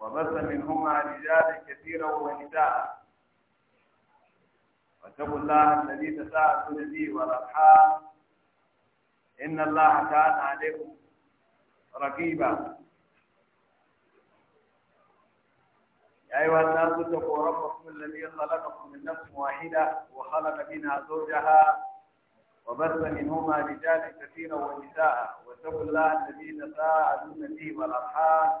وبث منهما رجالا كثيرا ونساء واتقوا الله الذي تساءلون به والارحام ان الله كان عليكم رقيبا يا ايها الناس اتقوا ربكم الذي خلقكم من نفس واحده وخلق منها زوجها وبث منهما رجالا كثيرا ونساء واتقوا الله الذي تساءلون به والارحام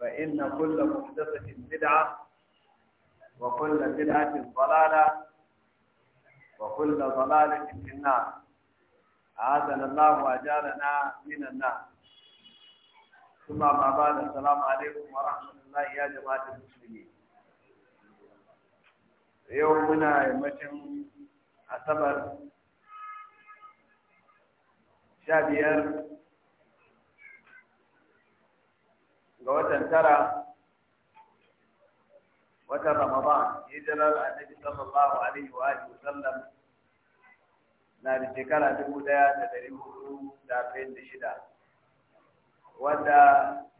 فإن كل محدثة بدعة وكل بدعة ضلالة وكل ضلالة في النار أعاذنا الله وأجالنا من النار ثم ما بعد السلام عليكم ورحمة الله يا جماعة المسلمين يومنا يمتن أعتبر شابير ga watan tara watan Ramadan hijirar Annabi sallallahu alaihi wa alihi wasallam na da shekara dubu ɗaya da dari hudu da arba'in da shida wanda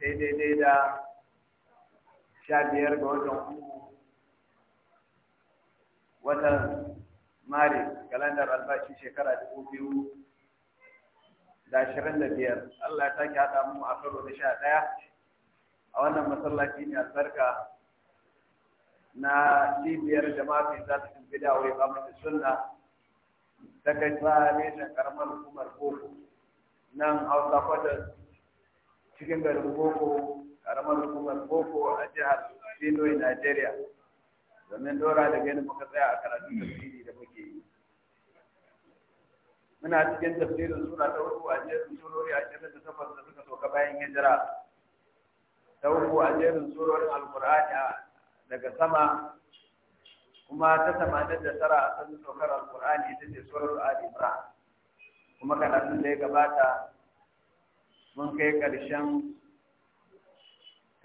sai daidai da sha biyar ga watan uku watan Mari kalandar albashi shekara dubu biyu da ashirin da biyar Allah ya sake haɗa mu a karo da sha ɗaya a wannan masallaci ne albarka na cibiyar jama'a za ta tafi da wai kamar sunna ta kai ta reshen karamar hukumar boko nan hausa kwata cikin garin boko karamar hukumar boko a jihar benue nigeria domin dora da gani muka tsaya a karatun fili da muke yi muna cikin tafsirin sura ta uku a jerin surori ashirin da takwas da suka soka bayan hijira ta uku a jerin surorin alkur'ani daga sama kuma ta tamanin da tara a sanin saukar alkur'ani ita ce surar ali imran kuma karatun da ya gabata mun kai ƙarshen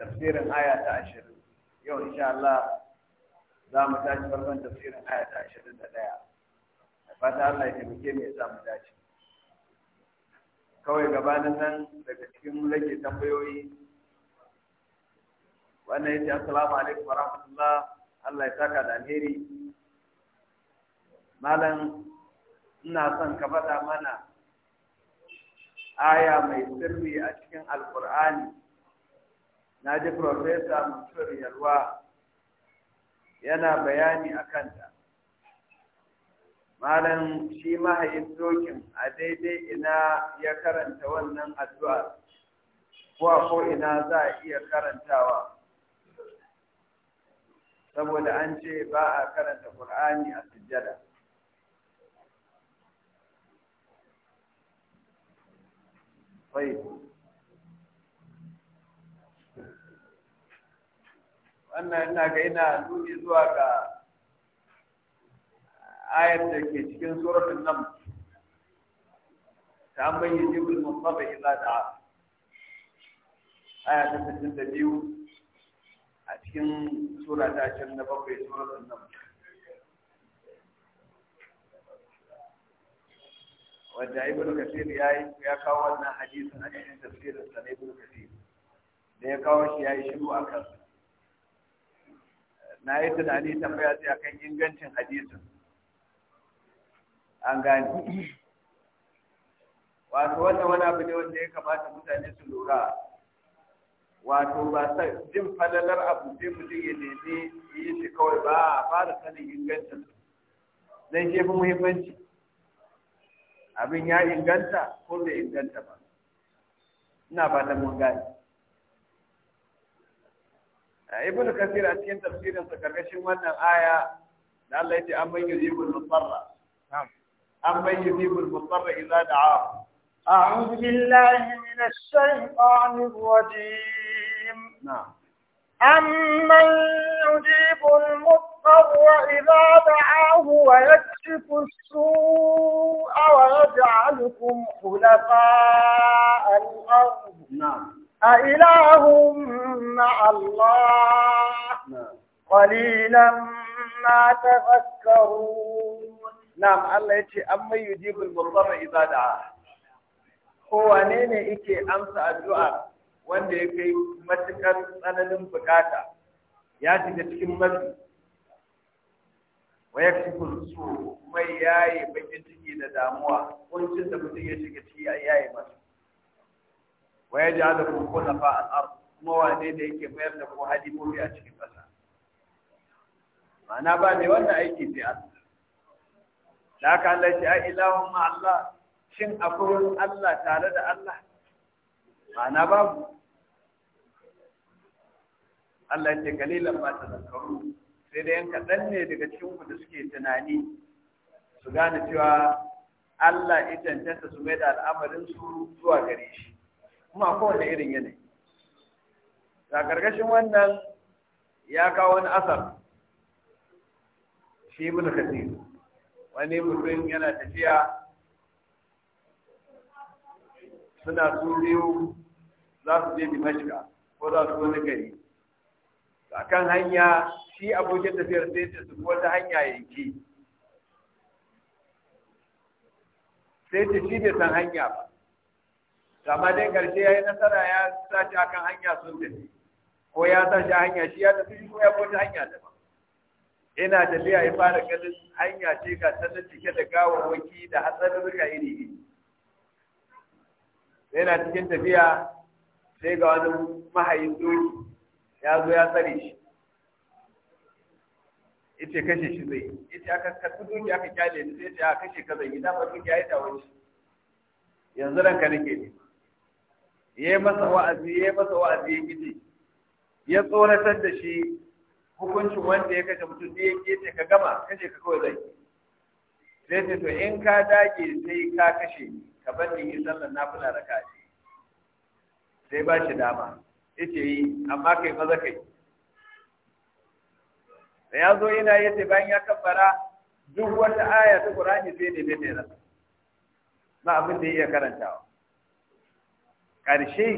tafsirin aya ta ashirin yau insha Allah za mu tashi farkon tafsirin aya ta ashirin da ɗaya da fata Allah ya taimake mu ya mu dace kawai gabanin nan daga cikin rage tambayoyi wannan yace assalamu alaikum wa rahmatullah Allah ya saka da alheri malam ina son ka faɗa mana aya mai sirri a cikin alkur'ani na ji profesa mutuwar yalwa yana bayani a kanta malam shi mahayin dokin a daidai ina ya karanta wannan addu'a ko a ko ina za a iya karantawa saboda an ce ba a karanta ƙur'ani a sujjada wannan ina ga ina nuni zuwa ga ayar da ke cikin suratul nam ta bayyana jibril mustaba idza da'a aya ta 62 cikin sura ta can na bakwai suratul nan. wanda ibn kasir ya ya kawo wannan hadisin a cikin tafsirin sa ibn kasir da ya kawo shi ya yi shiru a kan na yi tunani tambaya sai kan ingancin hadisin an gani. wato wannan wani abu ne wanda ya kamata mutane su lura wato ba sa jin falalar abu sai mutum ya nemi yi shi kawai ba a fara sanin ingancin zai ke fi muhimmanci abin ya inganta ko bai inganta ba ina fatan mun gane ibn kasir a cikin tafsirin sa karkashin wannan aya da Allah yake an bayyana yujibul mutarra an bayyana yujibul musarra idza da'a a'udhu billahi minash shaitanir rajim الرحيم نعم أمن يجيب المضطر إذا دعاه ويكشف السوء ويجعلكم خلفاء الأرض نعم أإله مع الله نعم قليلا ما تذكرون نعم الله يجي أمن يجيب المضطر إذا دعاه هو نيني إكي أمس الدعاء wanda ya kai matuƙar tsananin bukata ya shiga cikin mafi wa ya fi kuma ya yi bakin ciki da damuwa kuncin da mutum ya shiga ciki a yayi masu wa ya ji ala kuku na fa'an ar kuma wane da yake mayar da ko hadimomi a cikin ƙasa ma'ana ba ne wannan aiki sai an da aka Allah a ilahun ma Allah shin akwai Allah tare da Allah ma'ana babu Allah ce kalilan ba ta zakaru sai da yanka kaɗan ne daga cikin ku da suke tunani su gane cewa Allah ya cancanta su mai da al'amarin su zuwa gare shi kuma kowane irin yanayi Da ƙarƙashin wannan ya kawo wani asar shi ibn kathir wani mutum yana tafiya suna su biyu za su je dimashka ko za su wani gari a kan hanya shi abokin tafiyar sai ce su wata hanya ya yanki sai ce shi bai san hanya ba amma dai karshe ya yi nasara ya a akan hanya sun tafi ko ya a hanya shi ya tafi ko ya bota hanya ba ina tafiya ya fara ganin hanya ce ga ta cike da gawawwaki da hatsarurruka iri iri yana cikin tafiya sai ga wani mahayin doki ya zo ya tsare shi ita kashe shi zai ita aka kasu doki aka kyale ni sai ya kashe ka zai gida ba doki yi tawon shi yanzu ka nake ne yi masa wa'azi ya yi masa wa'azi ya gidi ya tsoratar da shi hukuncin wanda ya kashe mutum ya yace ka gama kashe ka kawai zai sai ce to in ka dage sai ka kashe ka bar ni sallar nafila raka'a sai ba shi dama yace yi amma kai maza kai da ya zo yana yace bayan ya kabbara duk wata aya ta Qur'ani sai ne ne da ba abin da iya karantawa karshe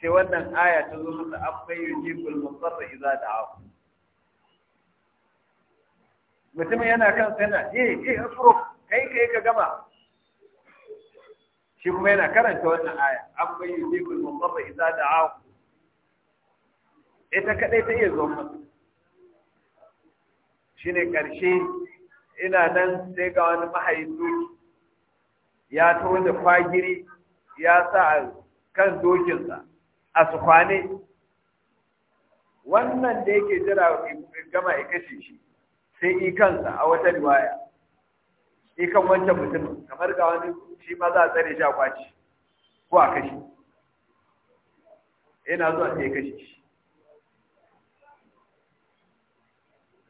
sai wannan aya ta zo musu amma yujibul mudarra idza da'a mutum yana kan sana eh eh afro kai kai ka gama shi kuma yana karanta wannan aya an bai yi zibin musamman isa da haku ita kaɗai ta iya zo masu shi ne ƙarshe ina nan sai ga wani mahaifi ya taho da fagiri ya sa a kan dokinsa a su kwane? wannan da yake jira gama ya kashe shi sai kansa a wata riwaya shi kan wancan mutumin kamar ga wani shi ma za a tsare shi a kwaci ko a kashi yana zuwa sai kashi shi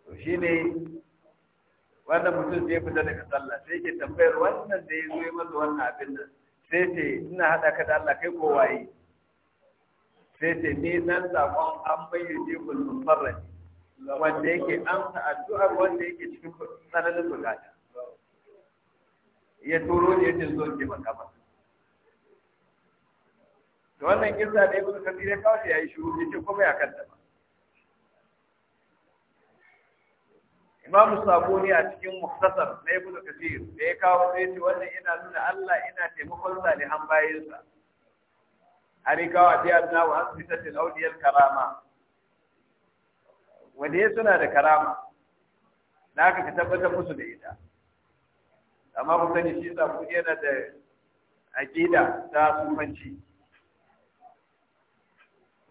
to shi ne wannan mutum zai fita daga sallah sai ke tambayar wannan da ya zo ya masa wannan abin nan sai ce ina haɗa ka da Allah kai ko waye sai ce ni nan sakon an bayyace ku sun farra wanda yake amsa addu'ar wanda yake cikin tsananin bukata ya turo ne yake zo ke maka ba to wannan kisa da ibnu kathir ya kawo ya yi shiru yace kuma ya kanta ba imamu sabuni a cikin muktasar na ibnu kathir da ya kawo sai ce wannan ina nuna Allah ina taimakon salihan bayinsa ari kawo a biya na wa asbitatil awliyal karama wanda ya suna da karama da aka ka tabbatar musu da ita amma ku sani shi sabuni yana da aƙida ta sufanci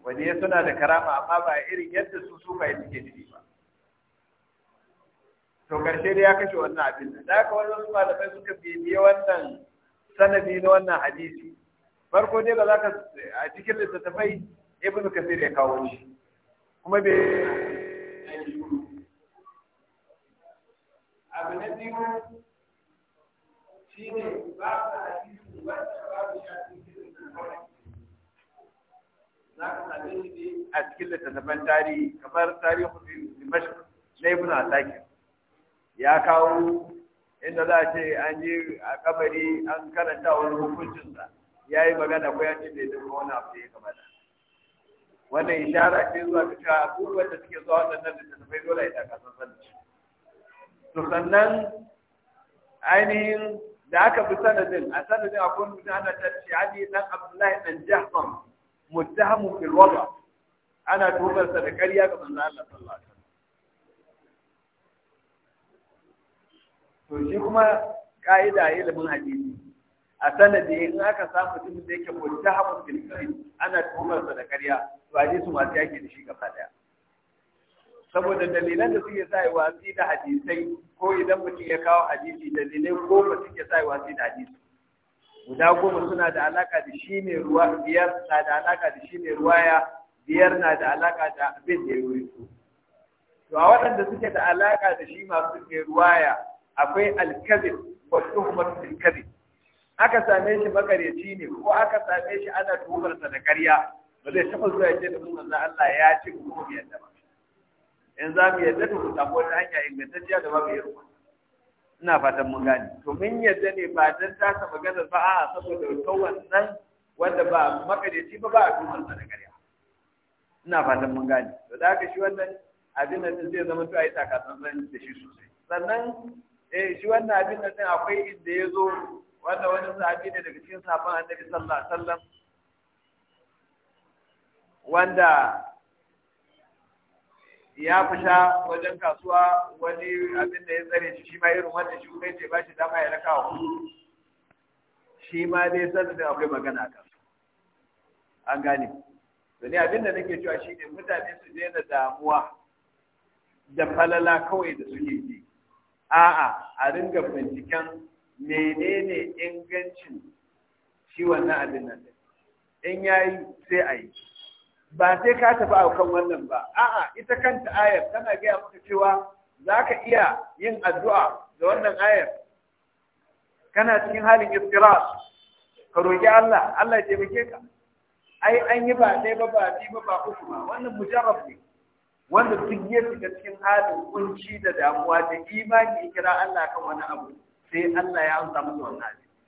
wani ya suna da karama amma ba irin yadda su sufaye suke nufi ba to karshe da ya kashe wannan abin da haka wani wasu malamai suka bibiye wannan sanadi na wannan hadisi farko dai ba za ka a cikin littattafai ibn kasir ya kawo shi kuma bai abu na biyu shi ne ba ka hadisi wanda babu shafi za ka same shi a cikin littattafan tarihi kamar tarihin dimashq na ibn asakir ya kawo inda za a ce an yi a kabari an karanta wani hukuncin sa, ya yi magana ko ya ce bai zama wani abu da ya kamata wannan ishara ce zuwa ga cewa abubuwan da suke zuwa waɗannan littattafai dole ya taka san to sannan ainihin da aka bi sanadin a sanadin akwai mutum ana a ne ɗan abdullahi ɗan jahon muttahamu fil ana tuhumar sa da ƙarya ga manzo Allah sallallahu alaihi wasallam to shi kuma kaida ilimin hadisi a sanadi in aka samu mutum da yake muttahamu fil ana tuhumar sa da ƙarya to hadisi masu yake da shi gaba ɗaya. saboda dalilan da suke sa yi watsi da hadisai ko idan mutum ya kawo hadisi dalilai goma suke sa yi watsi da hadisi guda goma suna da alaka da shi ne ruwa biyar na da alaka da shi ne ruwaya biyar na da alaka da abin da ya ruwaito to a waɗanda suke da alaka da shi masu ne ruwaya akwai alkazib wa tuhumar alkazib aka same shi makaryaci ne ko aka same shi ana tuhumar sa da karya, ba zai taɓa zuwa ya ce da mun Allah ya ce ko kuma da ba in za mu yadda to mu samu wata hanya ingantacciya da babu irin ina fatan mun gane to mun yadda ne ba dan ta ta magana ba a saboda kowan nan wanda ba makadeci ba ba a tuma sa da ƙarya ina fatan mun gane to da haka shi wannan abin nan zai zama to ayi takatsantsan da shi sosai sannan eh shi wannan abin nan akwai inda ya zo wanda wani sahabi ne daga cikin sahabban annabi sallallahu alaihi wasallam wanda ya fita wajen kasuwa wani abin da ya tsare shi shi ma irin wanda shi kai ce ba shi dama ya raka wa shi ma dai sanin da akwai magana kan an gane da ne abin da nake cewa shi ne mutane su daina damuwa da falala kawai da suke yi a'a a ringa binciken menene ingancin shi wannan abin nan in yayi sai a yi ba sai ka tafi a kan wannan ba a'a ita kanta ayar tana gaya maka cewa za ka iya yin addu'a da wannan ayar kana cikin halin istirar ka roƙi Allah Allah ya taimake ka ai an yi ba ɗaya ba ba biyu ba ba uku ba wannan mujarrab ne wanda duk ya shiga cikin halin kunci da damuwa da imani ya kira Allah kan wani abu sai Allah ya amsa masa wannan abu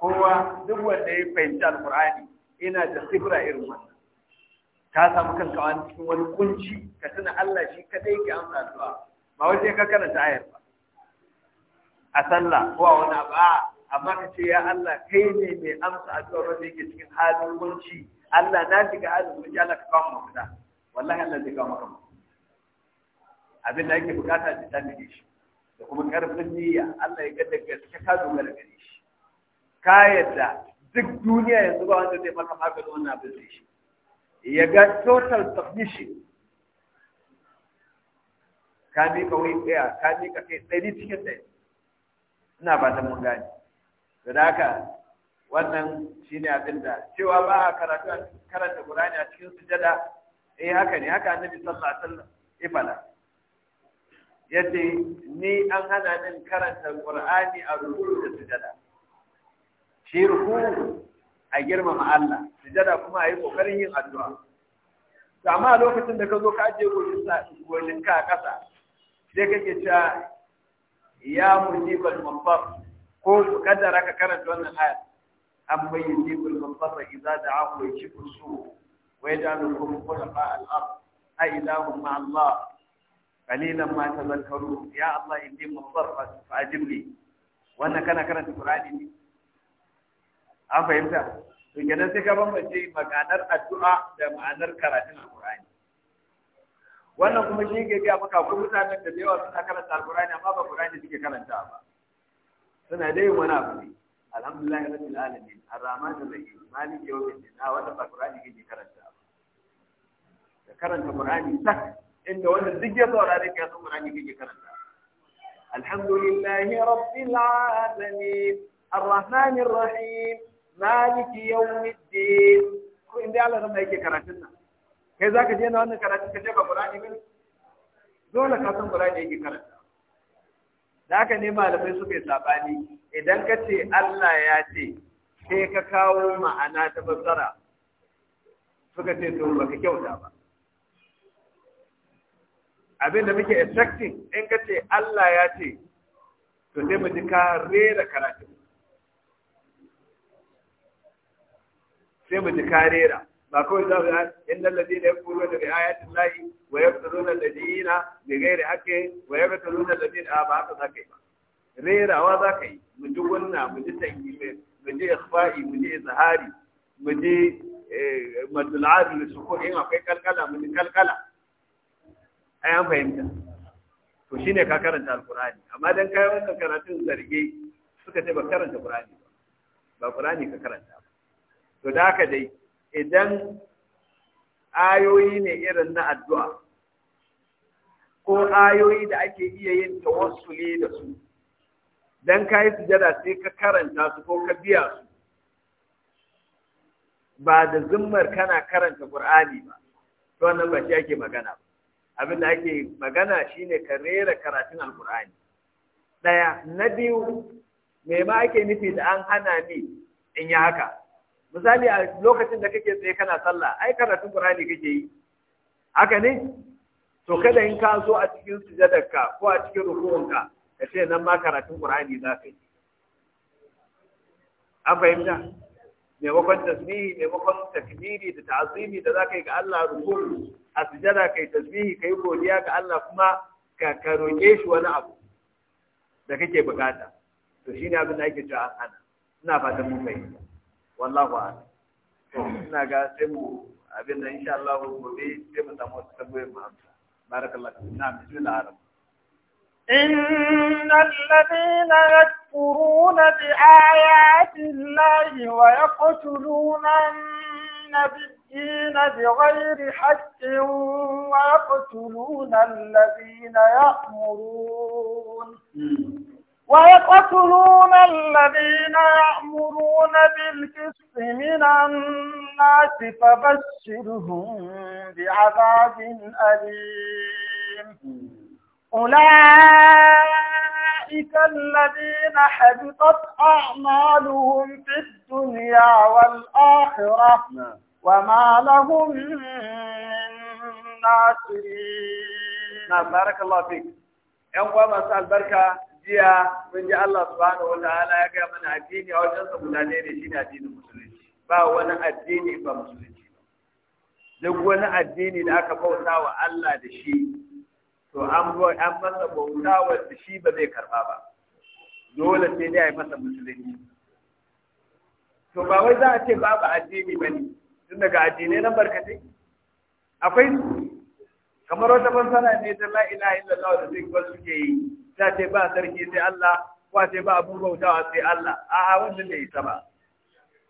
kowa duk wanda ya fahimci alqur'ani ina da sifira irin wannan ka samu kanka wani cikin wani kunci ka tuna Allah shi kadai ke amsa zuwa. ba wai sai ka karanta ayar ba a sallah ko a wani abu amma ka ce ya Allah kai ne mai amsa addu'a wanda yake cikin halin kunci Allah na shiga halin kunci Allah ka kawo mafita wallahi Allah zai kawo maka abin da ake bukata da nige shi da kuma karfin niyya Allah ya ga daga ka dogara gare shi ka yadda duk duniya yanzu ba wanda zai maka maganin wannan abin zai shi ya ga total submission ka eh, ka wai tsaya ka ka kai ɗari cikin ɗari ina ba ta mun gane da haka wannan ne abin da cewa ba a karatu karanta Qur'ani a cikin sujada eh haka ne haka annabi sallallahu alaihi wasallam ifala yace ni an hana min karanta Qur'ani a rubutu da sujada shirku ruku a girmama Allah sujada kuma a yi kokarin yin addu'a to amma lokacin da ka zo ka je gurin sa gurin ka a ƙasa sai kake cewa ya mujibal mabbar ko su kaddara ka karanta wannan ayat amma yujibul mabbar idza da'ahu yajibu su wa yaj'alukum khulafa al-ard a ilahum ma Allah qalilan ma tadhakkarun ya Allah inni mabbar fa ajibni wannan kana karanta Qur'ani ne an fahimta to kenan sai ka bambance maganar addu'a da ma'anar karatun alqur'ani wannan kuma shi ke ga maka ko mutanen da yawa suna karanta alqur'ani amma ba qur'ani suke karanta ba suna dai wani abu ne alhamdulillahi rabbil alamin arrahman arrahim maliki yawmin din a wannan ba qur'ani ke karanta ba da karanta qur'ani sak inda wanda duk ya saurare ka san qur'ani ke karanta alhamdulillahi rabbil alamin arrahman arrahim maliki yawmiddin ko inda Allah nan yake karatun nan kai zaka je na wannan karatun ka je ba Qur'ani ba dole ka san Qur'ani yake karatu da haka ne malamai suke yi sabani idan ka ce Allah ya ce sai ka kawo ma'ana ta fassara suka ce to baka kyauta ba abin da muke expecting in ka ce Allah ya ce to sai mu ji ka rera karatun sai mu ji karera ba kawai za mu yi da inna alladhina yakfuruna bi ayati llahi wa ya fito nuna da jina bi ghairi ake wa ya fito nuna da jina ba haka za ka yi ba rerawa ka yi mu ji wannan mu ji mai mu ji ikhfa'i mu ji zahari mu ji eh, madul'adu da suko in akwai kalkala mu ji kalkala a yan fahimta to shine ka karanta alkurani amma dan kai wannan karatun zarge suka ce ba karanta qur'ani ba ba qur'ani ka karanta to da haka dai idan ayoyi ne irin na addu'a ko ayoyi da ake iya yin tawassuli da su dan ka yi sujada sai ka karanta su ko ka biya su ba da zimmar kana karanta Qur'ani ba to wannan ba shi ake magana ba abin da ake magana shine ka rera karatun Al-Qur'ani daya na biyu me ma ake nufi da an hana ni in yi haka misali a lokacin da kake tsaye kana sallah ai karatun Qur'ani kake yi haka ne to kada in ka zo a cikin sujadarka ko a cikin rukunka ka ce nan ma karatun Qur'ani za ka yi an fahimta maimakon tasbihi maimakon takbiri da ta'azimi da za ka yi ga Allah rukun a sujada kai tasbihi kai godiya ga Allah kuma ka ka shi wani abu da kake bukata to shine abin da ake cewa an ana ina fatan mun fahimta wallahu a a'lam ina ga sai mu abin da insha Allah gobe sai mu samu wasu tambayoyin mu amsa barakallahu na bismillah haram إن الذين يكفرون بآيات الله ويقتلون النبيين بغير حق ويقتلون الذين يأمرون ويقتلون الذين يأمرون بالقسط من الناس فبشرهم بعذاب أليم أولئك الذين حبطت أعمالهم في الدنيا والآخرة نعم. وما لهم من ناصرين نعم بارك الله فيك يوم ما سأل بركة jiya mun ji Allah subhanahu wa ta'ala ya gaya mana addini a wajen sa guda ne ne addinin musulunci ba wani addini ba musulunci ba duk wani addini da aka bauta wa Allah da shi to an an masa bauta wa da shi ba zai karba ba dole sai dai a yi masa musulunci to ba wai za a ce babu addini bane tun daga addinai nan barkatai akwai kamar wata masana ne ta la ilaha illallah da zai kwal ke yi ta ce ba sarki sai Allah ko ce ba abu bautawa sai Allah a wannan ne ita ba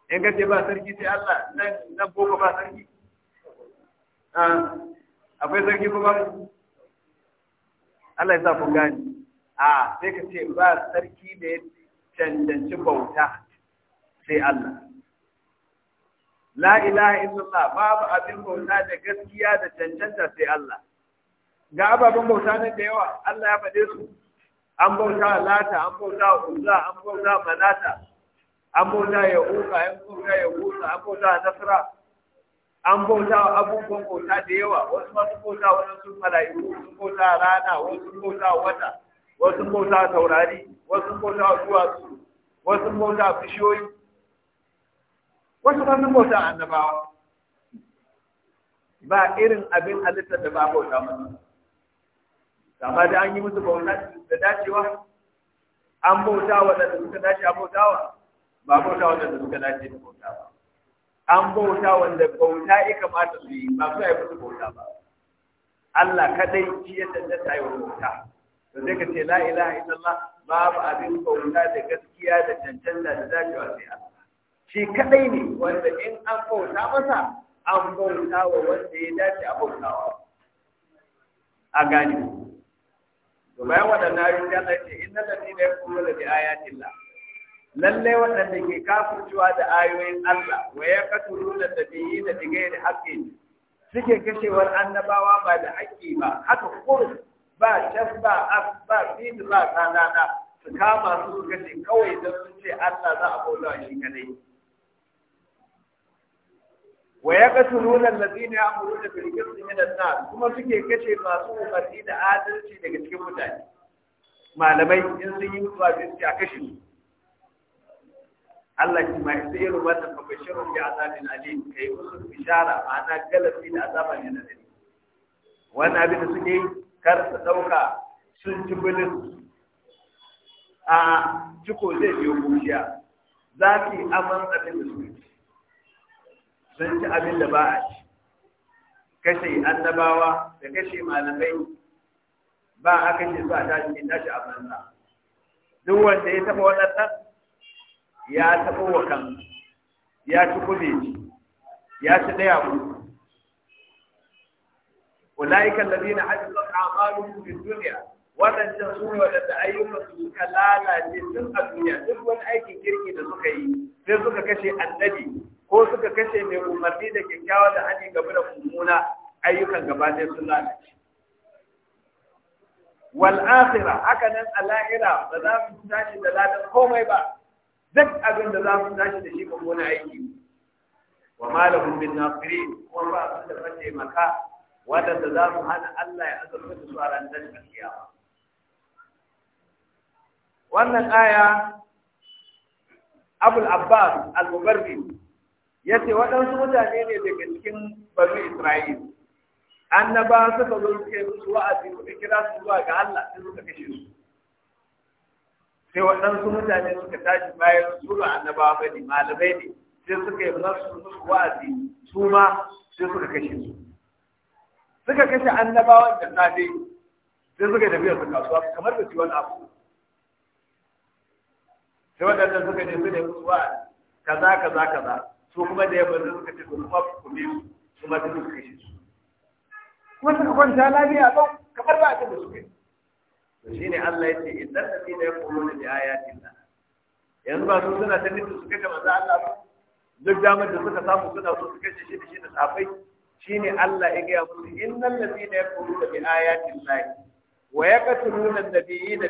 in ka ce ba sarki sai Allah nan nan boko ba sarki ah, akwai sarki ko ba Allah ya sa ku gani a sai ka ce ba sarki da ya cancanci bauta sai Allah la ilaha illallah babu abin bauta da gaskiya da cancanta sai Allah ga ababen bauta ne da yawa Allah ya faɗe su an bauta lata an bauta uza, an bauta malata, an bauta ya uka an bauta ya uka an bauta nasara, an bauta abubuwan bauta da yawa wasu masu bauta wasu sun mala'iku sun bauta rana wasu bauta wata wasu bauta taurari wasu bauta duwatsu wasu bauta bishiyoyi wasu ma sun bauta annabawa ba irin abin halittar da ba bauta musu amma da an yi musu bauta da dacewa an bauta waɗanda suka dace a bautawa ba bauta waɗanda suka dace da bauta ba an bauta wanda bauta ya kamata su yi ba su yi musu bauta ba Allah kadai shi ya tantance yi wa bauta to sai ka ce la ilaha illallah babu abin bauta da gaskiya da cancanta da dacewa sai Allah shi kadai ne wanda in an bauta masa an bauta wa wanda ya dace a bautawa a gani kuma bayan waɗannan na da Allah ce inna ladina yakfuruna bi ayatillah lalle waɗanda ke kafircewa da ayoyin Allah wa yaqtuluna nabiyina bi ghairi haqqin suke kashewar annabawa ba da haƙƙi ba haka kurum ba can ba as ba fi ba su kama su kashe kawai don sun ce Allah za a bauta shi kadai wa ya qatuluna allazina ya'muruna bil qisti min an-nas kuma suke kashe masu umarni da adalci daga cikin mutane malamai in sun yi mutuwa sai su a kashe su Allah ki mai sai irin wannan babashirun a azabin alim kai musu bishara ma'ana galabi da azaba ne na dare wannan abin da suke yi kar su dauka sun ci bilin? a ciko zai biyo gushiya za ki aman abin da suke sun ci abin da ba a ci kashe annabawa da kashe malamai ba a kashe su a tashi tashi a banza duk wanda ya taɓa waɗannan ya taɓa wa kan ya ci kubeji ya ci ɗaya ku أولئك الذين حفظت أعمالهم في الدنيا wannan can su ne waɗanda ayyukan su suka lalace tun a duniya duk wani aikin kirki da suka yi sai suka kashe annabi ko suka kashe mai umarni da kyakkyawa da hani game da mummuna ayyukan gaba ɗaya sun lalace wal akhira haka nan a lahira ba za mu tashi da ladan komai ba duk abin da za mu tashi da shi mummuna aiki wa malahum bin nasirin kuma ba su da bace maka wadanda za mu hana Allah ya azurta su a ranar kiyama wannan aya abul abbas al-mubarri ya ce waɗansu mutane ne daga cikin bani Isra'il. Annaba suka zo suka yi musu wa'azi suka kira su zuwa ga Allah sai suka kashe su. Sai waɗansu mutane suka tashi bayan su ga annaba ba ne malamai ne sai suka yi musu musu wa'azi su ma sai suka kashe su. Suka kashe annabawan da safe sai suka tafi su kasuwa kamar da ci wani abu. Sai waɗannan suka je su ne musu wa'azi kaza kaza kaza. su kuma da yamma suka ce su kuma ku ne su ma suka kashe su kuma suka kwanta lafiya ba kamar ba a ce da su kai to shine Allah ya ce idan da da yaquluna bi ayatin da yanzu ba su suna ta nufin su kashe manzo Allah ba duk damar da suka samu suna so su kashe shi da shi da safai shine Allah ya ga musu innal ladina yaquluna bi ayatin la wa yaqtuluna an-nabiyina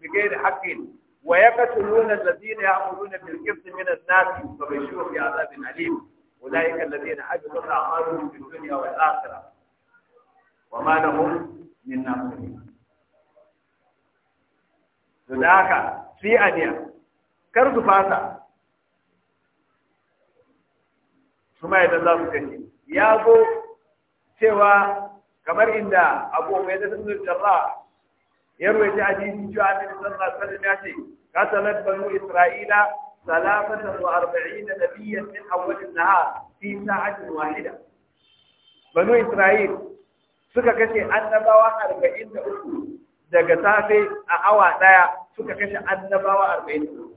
bighayri haqqin wa yaqtuluna alladhina ya'muruna bil qist min an-nas fa bashirhum bi 'adabin alim ulaika alladhina habitat a'maluhum fid dunya wal akhirah wa ma lahum min nasirin to da haka sai aniya kar su fasa kuma idan za su kashe ya zo cewa kamar inda abu mai da sun jarra يروي في حديث جعل صلى الله قتلت بنو إسرائيل ثلاثة وأربعين نبيا من أول النهار في ساعة واحدة بنو إسرائيل سكا كشي أنبا وأربعين أخو دقتافي أعوى دايا سكا كشي أنبا وأربعين أخو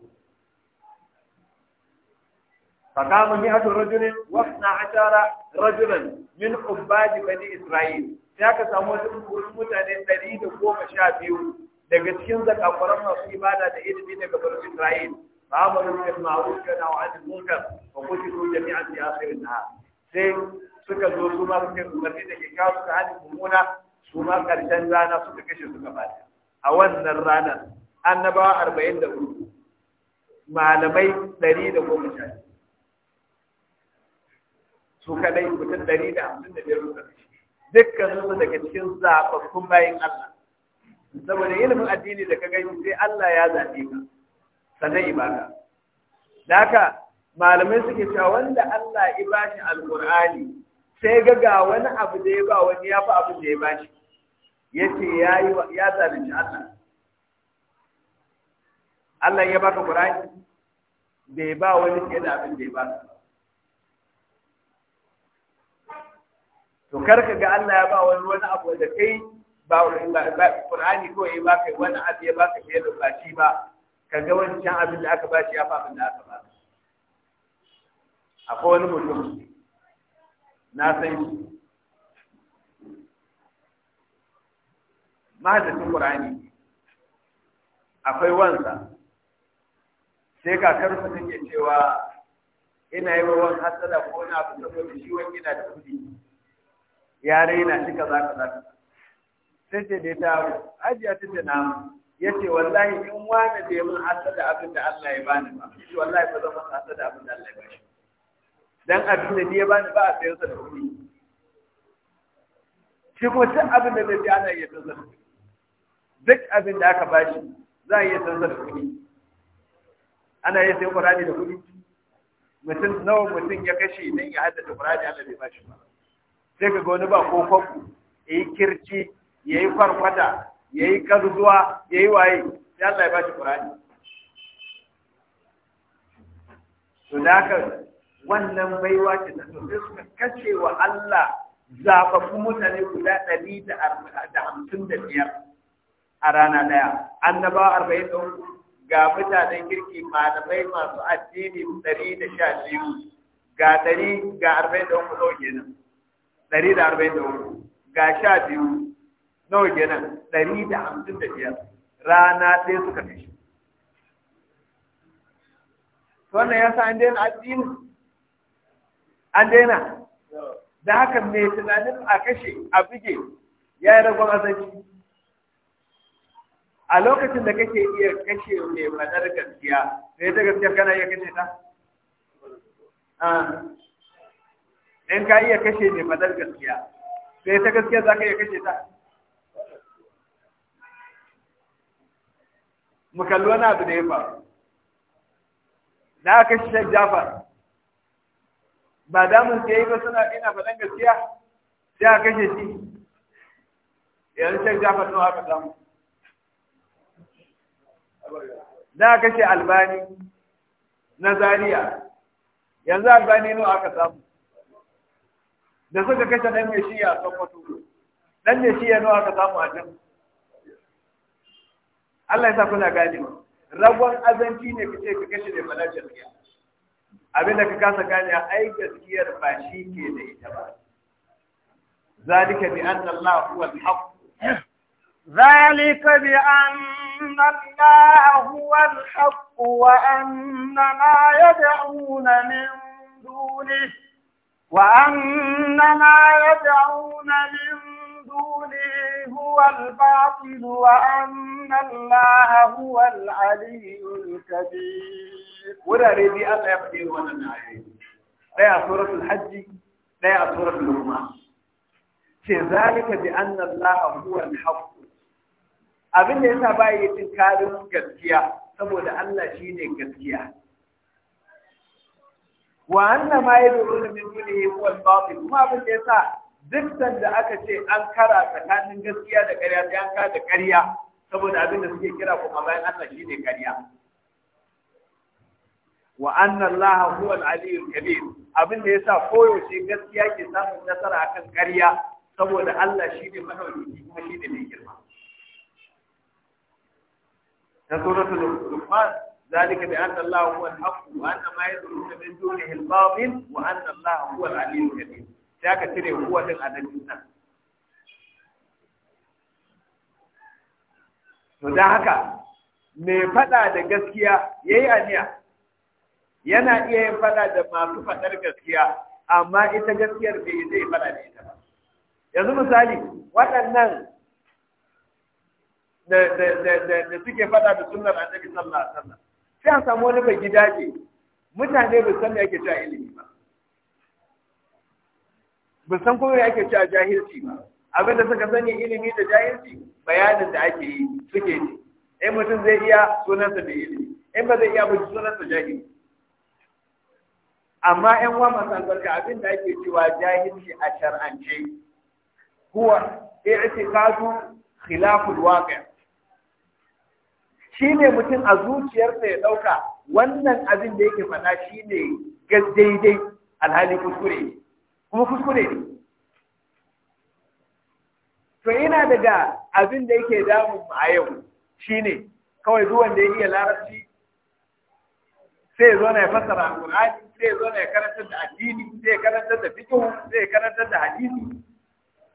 فقام مئة رجل واثنى عشر رجلا من عباد بني إسرائيل sai aka samu wasu mutane ɗari da goma sha biyu daga cikin zakafaran masu ibada da ilimi daga banu Isra'il fa amaru bil ma'ruf wa nahu 'anil munkar wa qutilu jami'an fi akhir an sai suka zo su ma suka umarni da kika su hali mummuna su ma karshen rana suka kashe suka bata a wannan ranar annabawa arba'in da hudu malamai ɗari da goma sha su kadai mutum ɗari da hamsin da biyar suka kashe dukkaninsu daga cikin zaɓaɓɓun bayan Allah saboda ilimin addini da ka gani sai Allah ya zaɓe ka sannan ibada da haka malamai suke cewa wanda Allah ya bashi alqur'ani sai ga ga wani abu da ya ba wani ya fi abin da ya bashi ya ce ya zalunci Allah Allah ya baka ƙur'ani, bai ba wani fiye da abin da ya baka to karka ga Allah ya ba wani wani abu da kai ba Qur'ani ko ya baka wani abu ya baka fiye da baci ba ka ga wancan abin da aka bashi ya fa abin da aka ba akwai wani mutum na san shi mahadin Qur'ani akwai wansa sai kakarsa take cewa ina yi wa wani hasada ko wani abu da kuma shi wani yana da kudi ya raina shi kaza kaza sai ce dai ta ajiya ta ce na ya ce wallahi in wani da mun hasa da abin da Allah ya bani ba shi wallahi ba zan hasa da abin da Allah ya bani dan abin da ya bani ba a sayar da kuɗi shi kuma duk abin da zai ji ana iya sayar da duk abin da aka bashi za a iya sayar da kuɗi ana iya sayar da da kuɗi mutum nawa mutum ya kashe dan ya haddace kurani Allah bai bashi ba sai ka ga wani ba ko kwaku ya yi kirci ya yi farfata ya yi karzuwa ya yi waye sai Allah ya ba shi kurani to da haka wannan baiwa ce ta sosai suka kace wa Allah zaɓaɓɓun mutane guda ɗari da hamsin da biyar a rana ɗaya annabawa arba'in da hudu ga mutanen kirki malamai masu addini ɗari da sha biyu ga ɗari ga arba'in da hudu kenan ɗari da arba'in da hudu ga sha biyu nawa kenan ɗari da hamsin da biyar rana ɗaya suka fi shi wannan ya sa an daina addini an daina da haka me tunanin a kashe a buge ya yi ragon azanci a lokacin da kake iya kashe mai fadar gaskiya sai ta gaskiya kana iya kashe ta ah. in ka iya kashe mai fadar gaskiya sai ta gaskiya za ka iya kashe ta mu kallo wani abu da ya faru na kashe shan jafar ba damun ke yi ba suna ina faɗan gaskiya sai a kashe shi yanzu shan jafar nawa aka samu na kashe albani na Zariya. yanzu albani nawa aka samu da suka kashe ɗan mai shiya a sokoto ɗan mai shiya nawa ka samu a can Allah ya sa kuna gane ragon azanci ne ce ka kashe ne bala gaskiya abin da ka kasa gane ai gaskiyar ba shi ke da ita ba zalika bi anna Allah huwa al-haq ذلك بأن الله هو الحق وأن ما يدعون من دونه وأن ما يدعون من دونه هو الباطل وأن الله هو العلي الكبير ولا ريدي الله يقدر ولا نعيد لا سورة الحج لا سورة الهمام في ذلك بأن الله هو الحق abin da yasa ba yi tinkarin gaskiya saboda Allah shine gaskiya wa anna yi yad'una min dunihi huwa al kuma abin da ya sa duk sanda aka ce an kara tsakanin gaskiya da ƙarya sai an kara da ƙarya saboda abin da suke kira kuma bayan Allah ne ƙarya wa anna Allah huwa al-aliyyul kabir abin da yasa koyaushe gaskiya ke samun nasara akan ƙarya saboda Allah shi mahaukaci kuma shine mai girma ta suratul luqman ذلك بأن الله هو الحق وأن ما يدعون من دونه الباطل وأن الله هو العلي الكبير ذاك تري هو الأدب to don haka mai fada da gaskiya ya yi aniya yana iya yin fada da masu fadar gaskiya amma ita gaskiyar da bai zai fada da ita ba yanzu misali waɗannan da suke fada da sunnar annabi sallallahu alaihi wasallam sai a samu wani bai gida ce mutane ba san me ake cewa ilimi ba ba san kuma me ake cewa jahilci ba abin da suka sani ilimi da jahilci bayanin da ake yi suke ne in mutum zai iya sunansa da ilimi in ba zai iya ba sunansa jahilci. amma ƴan wa masu albarka abin da ake cewa jahilci a shar'ance huwa i'tiqadu Khilafu waqi' shi ne mutum a zuciyarsa ya ɗauka wannan abin da yake faɗa shi ne daidai alhali kuskure ne kuma kuskure ne to ina daga abin da yake damun a yau shi ne kawai zuwan da ya iya larabci sai ya zo na ya fassara alƙur'ani sai ya zo na ya karantar da addini sai ya karantar da fiqh sai ya karantar da hadisi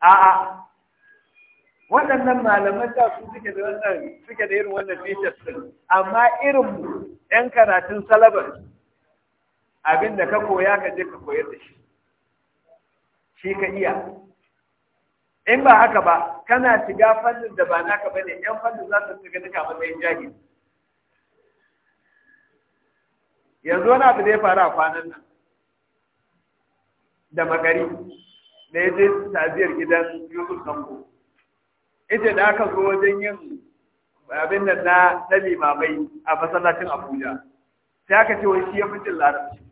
a'a waɗannan malaman da su suke da wannan suke da irin wannan features din amma irin ɗan karatun salabar abin da ka koya ka je ka koyar da shi shi ka iya in ba haka ba kana shiga fannin da ba naka bane ɗan fannin za su shiga duka matsayin jage. yanzu wani abu da ya faru a kwanan nan da magari da ya je taziyar gidan yusuf sanko ita da aka zo wajen yin abin da na na limamai a masallacin Abuja sai aka ce wai shi ya fitin larabci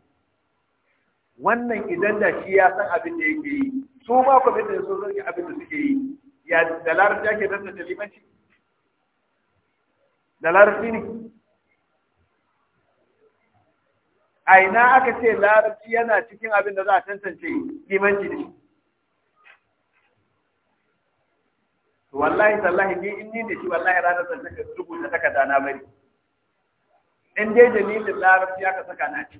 wannan idan da shi ya san abin da yake yi su ba ku bin da zan yi abin da suke yi ya da larabci yake danta da limanci da larabci ne a ina aka ce larabci yana cikin abin da za a tantance limanci da shi wallahi tallahi ni in ni da shi wallahi ranar da take rubuta da na bari in dai dalilin ya aka saka na ci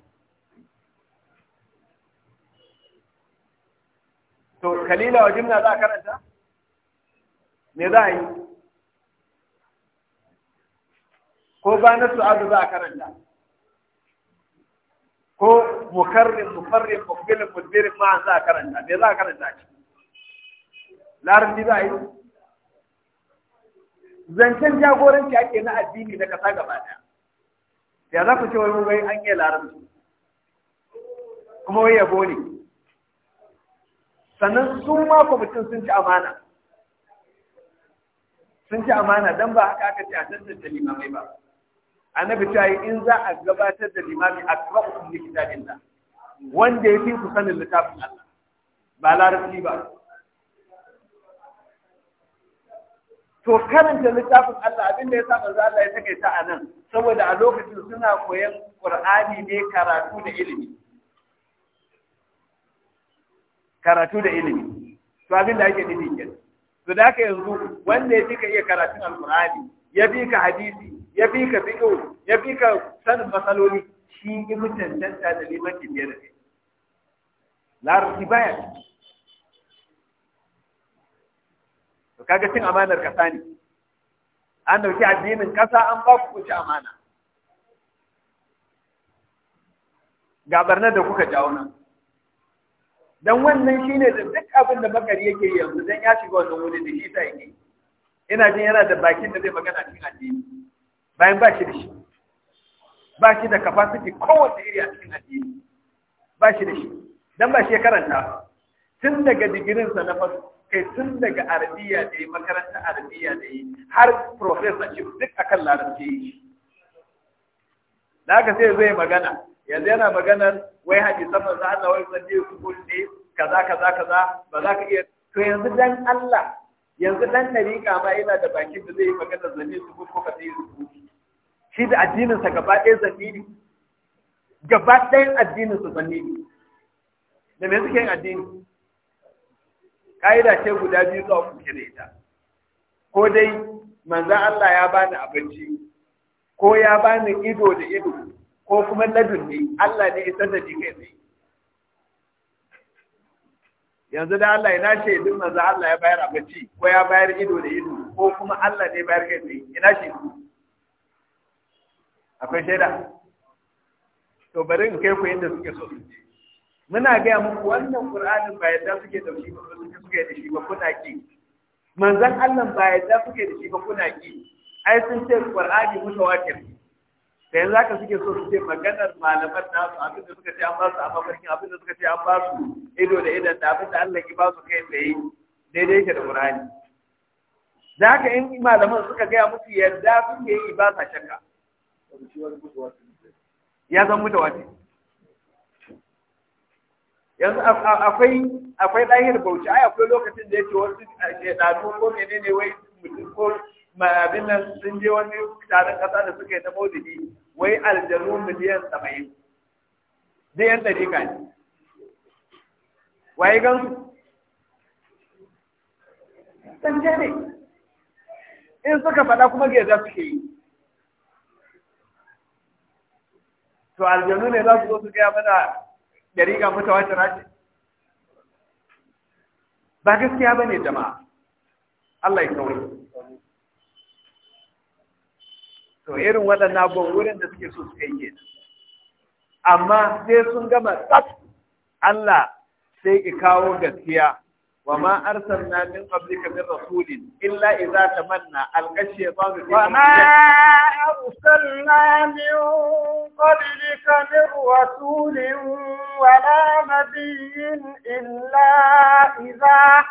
to kalila wa jimla za a karanta me za a yi ko ba na su'adu za a karanta ko mukarrin mufarrin mukbilin mudbirin ma za a karanta me za a karanta ci larabci za a yi zancen jagoranci ake na addini da kasa gaba ɗaya ya za ku ce wani wai an yi larabci kuma wai yabo ne sannan sun ma kwamitin sun ci amana sun ci amana don ba haka aka ce a da limamai ba annabi ta yi in za a gabatar da limami a kafa kullum kitabin da wanda ya fi ku sanin littafin Allah ba larabci ba to karanta littafin Allah abin da ya sa za Allah ya take ta nan saboda a lokacin suna koyan Qur'ani ne karatu da ilimi karatu da ilimi to abin da yake nufi ke to da ka yanzu wanda ya fika iya karatun Al-Qur'ani ya fika hadisi ya fika fiqh ya fika sanin masaloli shi ki mutuntanta da limanci biyar da kai larabci baya kaga cin amanar kasa ne an dauki addinin kasa an ba ku ci amana ga barnar da kuka jawo nan dan wannan shine da duk abin da bakari yake yi yanzu dan ya shiga wannan wuri da shi ta yi ina jin yana da bakin da zai magana cikin addini bayan ba shi da shi ba shi da capacity kowace iri a cikin addini ba shi da shi dan ba shi ya karanta tun daga digirinsa na farko kai tun daga arabiya da yi makaranta arabiya da yi har professor ce, duk akan larabci yi da ka sai zai magana yanzu yana maganar wai hadisan za Allah wai zan yi kukul ne kaza kaza kaza ba za ka iya to yanzu dan Allah yanzu dan dariƙa ma yana da bakin da zai yi maganar zanni su ko ka yi su shi da addininsa gaba ɗaya zanni ne gaba ɗayan addininsa su ne da me suke yin addini ƙa'ida ce guda biyu zuwa kuke da ita ko dai manza Allah ya bani abinci ko ya bani ido da ido ko kuma ne Allah ne isar da ni ne. yanzu da Allah ina ce duk manza Allah ya bayar abinci ko ya bayar ido da ido ko kuma Allah ne bayar kai tsaye ina ce akwai shaida to bari in kai ku inda suke so su je muna gaya muku wannan qur'anin ba yadda suke da shi ba suke da shi ba kuna ki manzon Allah ba yadda suke da shi ba kuna ki ai sun ce qur'ani mutawatir da yanzu haka suke so su ce maganar malaman nasu abin da suka ce an ba su a mafarkin abin da suka ce an ba su ido da idan da abin da Allah ya ba su kai yi daidai yake da qur'ani da haka in malaman suka gaya musu yadda suke yi ba sa shakka ya zan mutawatir yanzu akwai akwai ɗahir bauchi ai akwai lokacin da yake wasu shaidanu ko menene wai mutum ko abin nan sun je wani taron ƙasa da suka yi ta maudidi wai aljanu miliyan saba'in da yan ka ne waye gansu canje ne in suka faɗa kuma geza suke yi to aljanu ne za su zo su gaya mana dariƙa wata ce ba gaskiya bane jama'a Allah ya kawai to irin waɗannan abubuwan wurin da suke so su kai ke amma sai sun gama tsaf Allah sai ki kawo gaskiya وما أرسلنا من قبلك من رسول إلا إذا تمنى ألقى الشيطان في وما أرسلنا من قبلك من رسول ولا نبي إلا إذا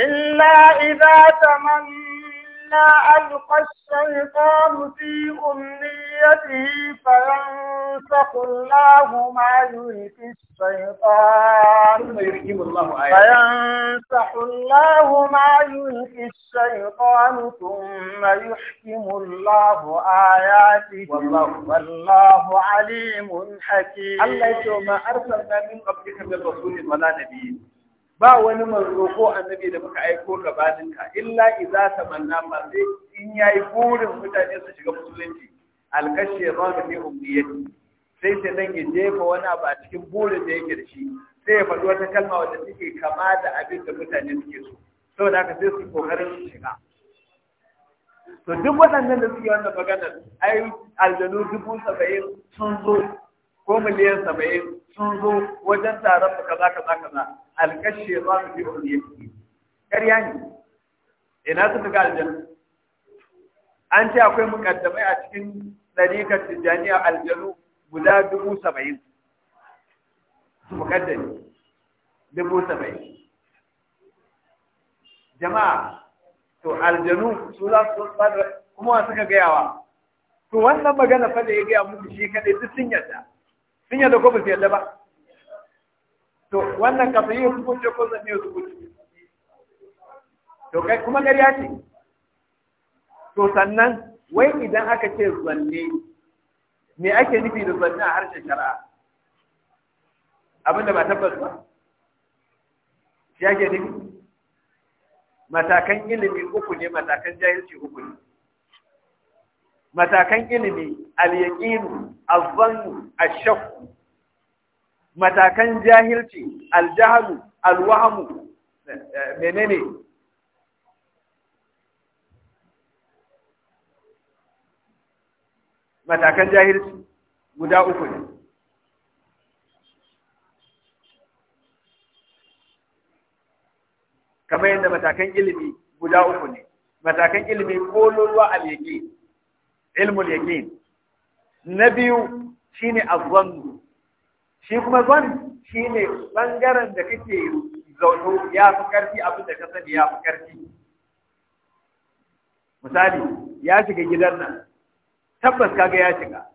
إلا إذا تمنى إلا ألقى الشيطان في أمنيته فينسخ الله ما يلقي الشيطان فينسخ الله ما يلقي الشيطان ثم يحكم الله آياته والله عليم حكيم الله يجمع أرسلنا من قبلك من رسول ولا نبي ba wani manzo ko annabi da muka aiko gabanin ka illa idza tamanna fa sai in yayi burin mutane su shiga musulunci alkashi zanu fi ummiyati sai sai dan ya jefa wani abu a cikin burin da yake da shi sai ya faɗi wata kalma wadda take kama da abin da mutane suke so saboda haka sai su kokarin shiga to duk waɗannan da suke wannan maganar ai aljanu dubu saba'in sun zo ko miliyan saba'in sun zo wajen taron mu kaza kaza kaza alƙashe ya su fi fi ƙarya ne ina su ga aljanna an ce akwai mukaddamai a cikin ɗarikar a aljanu guda dubu saba'in mukaddami dubu saba'in jama'a to aljanu su za su fara kuma wa suka gayawa to wannan magana fa da ya gaya muku shi kaɗai duk sun yarda sun yarda ko ba su yarda ba to wannan kafin yin rubuce ko zan yi rubuce to kai kuma gari ce to sannan wai idan aka ce zanne me ake nufi da zanne a harshen shara? abinda ba tabbas ba shi ake nufi matakan ilimi uku ne matakan jahilci uku ne matakan ilimi al yaqin al-zann ash shakk matakan jahilci aljahalu alwahamu eh, menene matakan jahilci guda uku ne kamar yadda matakan ilimi guda uku ne matakan ilimi ko lulwa al ilmul yaqin na biyu shine azzannu shi kuma zan shi ne ɓangaren da kake zauno ya fi ƙarfi abin da ka sani ya fi ƙarfi misali ya shiga gidan nan tabbas kaga ya shiga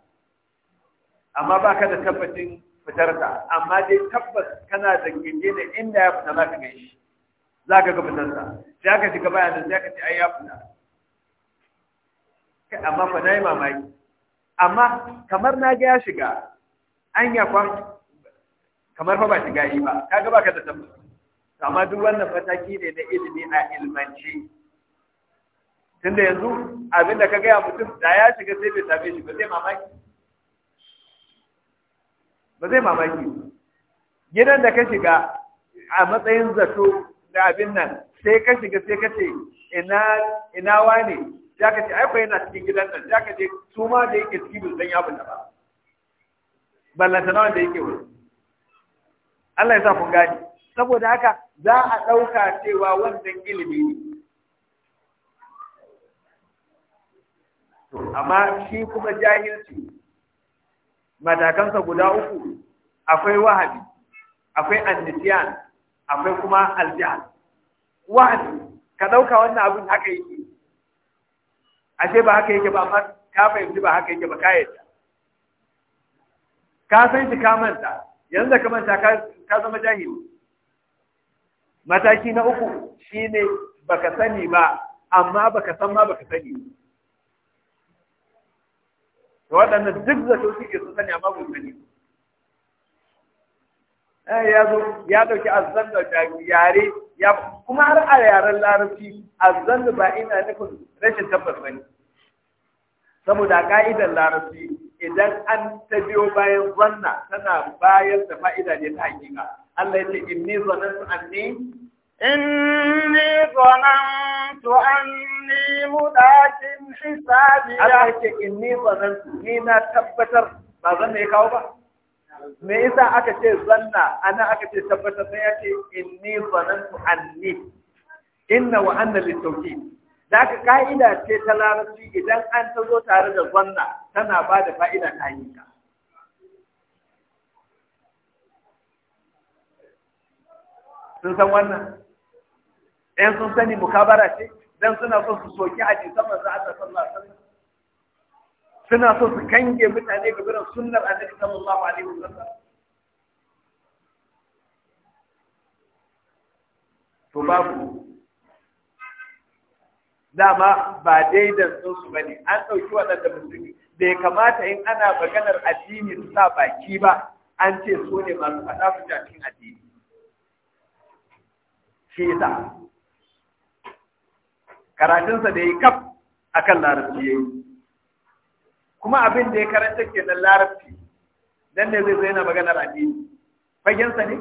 amma ba ka da tabbacin fitarsa amma dai tabbas kana da gindi da inda ya fita za ka gan shi za ka ga fitarsa sai aka shiga baya da sai aka ce ai ya fita amma fa na yi mamaki amma kamar na ga ya shiga an kwan kamar fa ba shi yi ba kaga ba ka da tabbas amma duk wannan mataki ne na ilimi a ilmance tunda yanzu abin da ka gaya mutum da ya shiga sai bai same shi ba zai mamaki ba zai mamaki gidan da ka shiga a matsayin zato da abin nan sai ka shiga sai ka ce ina ina wane ya ka ce aiko yana cikin gidan nan ya ka ce su ma da yake cikin bai san ya bulla ba ballantana wanda yake wuri Allah ya sa kun gani saboda haka za a ɗauka cewa wannan ilimi ne amma shi kuma jahilci matakansa guda uku akwai wahabi akwai annisiyan akwai kuma aljihar wahabi ka ɗauka wannan abin haka yake ashe ba haka yake ba amma ka fahimci ba haka yake ba ka yadda ka san shi ka manta yanzu ka manta ka zama jahili mataki na uku shine baka sani ba amma baka san ma baka sani to wadannan duk su suke su sani amma ba sani eh ya zo ya dauki azzan da yare ya kuma har a yaren larabci azzan ba ina nufin rashin tabbas bane saboda ka'idar larabci idan an ta biyo bayan zanna tana bayar da fa'ida ne ta hakika Allah ya ce inni zanantu anni inni zanantu anni mudakin hisabi Allah ya ce inni zanantu ni na tabbatar ba zanna ya kawo ba me isa aka ce zanna ana aka ce tabbatar sai ya ce inni zanantu anni inna wa anna litawkid Zaka ka'ida ce ta larabci idan an ta zo tare da zanna tana ba da fa'ida ta ka. Sun san wannan? ‘Yan sun sani mukabara ce, don suna so su soki a manzo Allah sallallahu alaihi Suna so su kange mutane ga biran sunnar Annabi sallallahu alaihi wasallam. To babu dama ba daidan sun su bane an ɗauki waɗanda musulmi bai kamata in ana maganar addini su sa baki ba an ce su ne masu faɗa su cikin addini shi yasa sa da yi kaf akan larabci yayi kuma abin da ya karanta kenan larabci dan ne zai zo yana maganar addini sa ne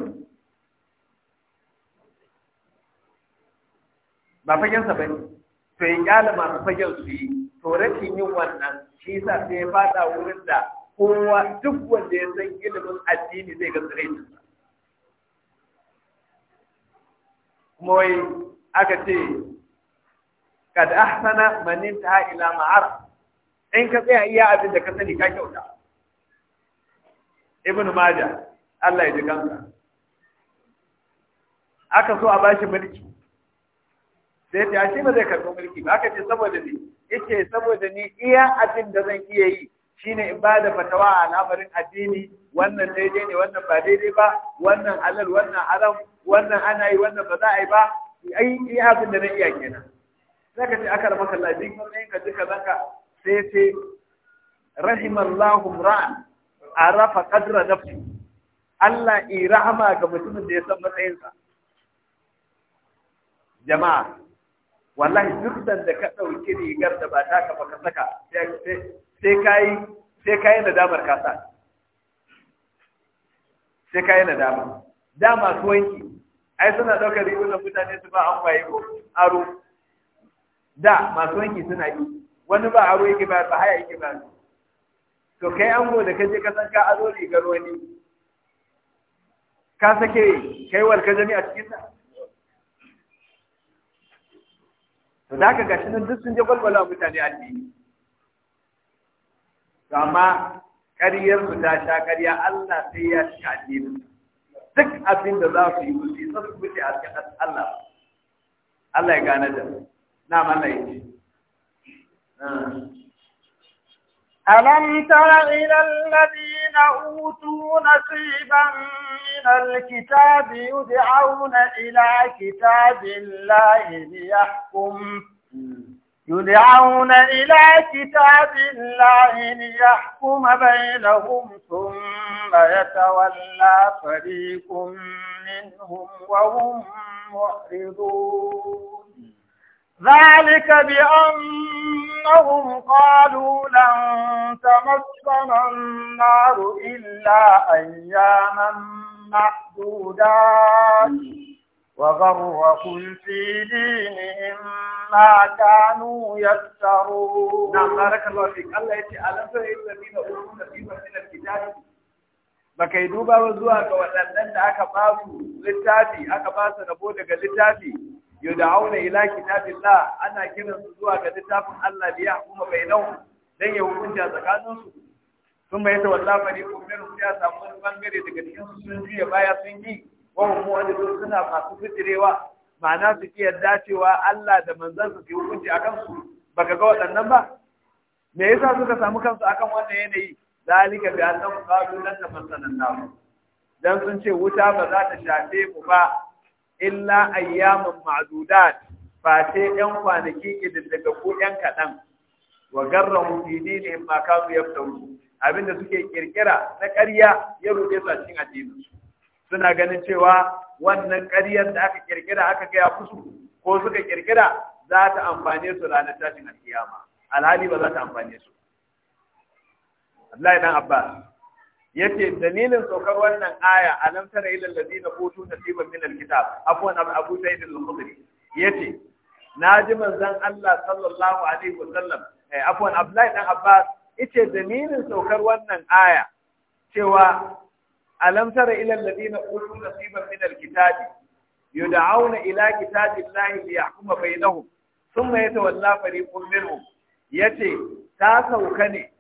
ba sa bane to ya masu fagen su yi to rashin yin wannan shi yasa sai ya fada wurin da kowa duk wanda ya san ilimin addini zai ga tsiraicin kuma wai aka ce Kada ahsana manin ta ila ma'ar in ka tsaya iya abin da ka sani ka kyauta ibn maja Allah ya ji kanka aka so a bashi mulki sai ta shi ba zai karɓi mulki ba aka ce saboda ni yace saboda ni iya abin da zan iya yi shine in ba da fatawa a al'amarin addini wannan daidai ne wannan ba daidai ba wannan halal wannan haram wannan ana yi wannan ba za a yi ba ai iya abin da na iya kenan sai ka ce aka rama lafi ko mun ka duka zaka sai sai rahimallahu ra'an arafa qadra nafsi Allah i rahama ga mutumin da ya san matsayinsa jama'a wallahi duk da ka ɗauki rigar da ba ta ka ka saka sai kayi sai kayi nadamar ka sa sai kayi damar dama su wanki ai suna ɗaukar rigunan mutane su ba an waye ko aro da masu wanki suna yi wani ba aro yake ba ba haya yake ba to kai ango da kaje ka san ka aro rigar wani ka sake kai ka jami a cikin ta to da haka gashi nan duk sun je a mutane addini to amma ƙaryar su ta sha ƙarya Allah sai ya shi addinin duk abin da za su yi wuce sai su wuce a cikin Allah Allah ya gane da na yi. ألم تر إلى الذين أوتوا نصيبا من الكتاب يدعون إلى كتاب الله ليحكم يدعون إلى كتاب الله ليحكم بينهم ثم يتولى فريق منهم وهم معرضون ذلك بأنهم قالوا لن تمسنا النار إلا أياما معدودات وغرهم في دينهم ما كانوا يفترون نعم بارك الله فيك الله يتي ألم تر الذين أوتوا نصيبا من الكتاب bakai duba ba zuwa ga waɗannan da aka ba su littafi aka ba su rabo daga littafi yud'auna ila kitabillah ana kiransu zuwa ga littafin Allah biya kuma bai nau don ya hukunta tsakanin su sun bai tawalla fariqun minhum ya samu wani bangare daga cikin su sun juya baya sun yi wa wani mu'adilun suna masu fitirewa ma'ana su ki yarda cewa Allah da manzon su hukunci akan su baka ga waɗannan ba me yasa suka samu kansu akan wannan yanayi zalika bi annahum qalu lan tamassana an-nar dan sun ce wuta ba za ta shafe mu ba illa ayyamun ma'dudat fa sai yan kwanaki idan daga ko yan kaɗan wa garrahu fi ne ma kanu yaftaru abinda suke kirkira na ƙarya ya rufe su a cikin addinin suna ganin cewa wannan ƙaryar da aka kirkira aka gaya musu ko suka kirkira za ta amfane su ranar tashin alkiyama alhali ba za ta amfane su Allah dan Abbas yace dalilin saukar wannan aya alam tara ila alladhina utu nasiban min alkitab afwan abu sa'id al-khudri yace naji manzon Allah sallallahu alaihi wasallam eh, afwan abdullahi dan abbas yace dalilin saukar wannan aya cewa alam tara ila alladhina utu nasiban min alkitab yud'auna ila kitabillahi liyahkuma bainahum thumma yatawalla fariqun minhum yace ta sauka ne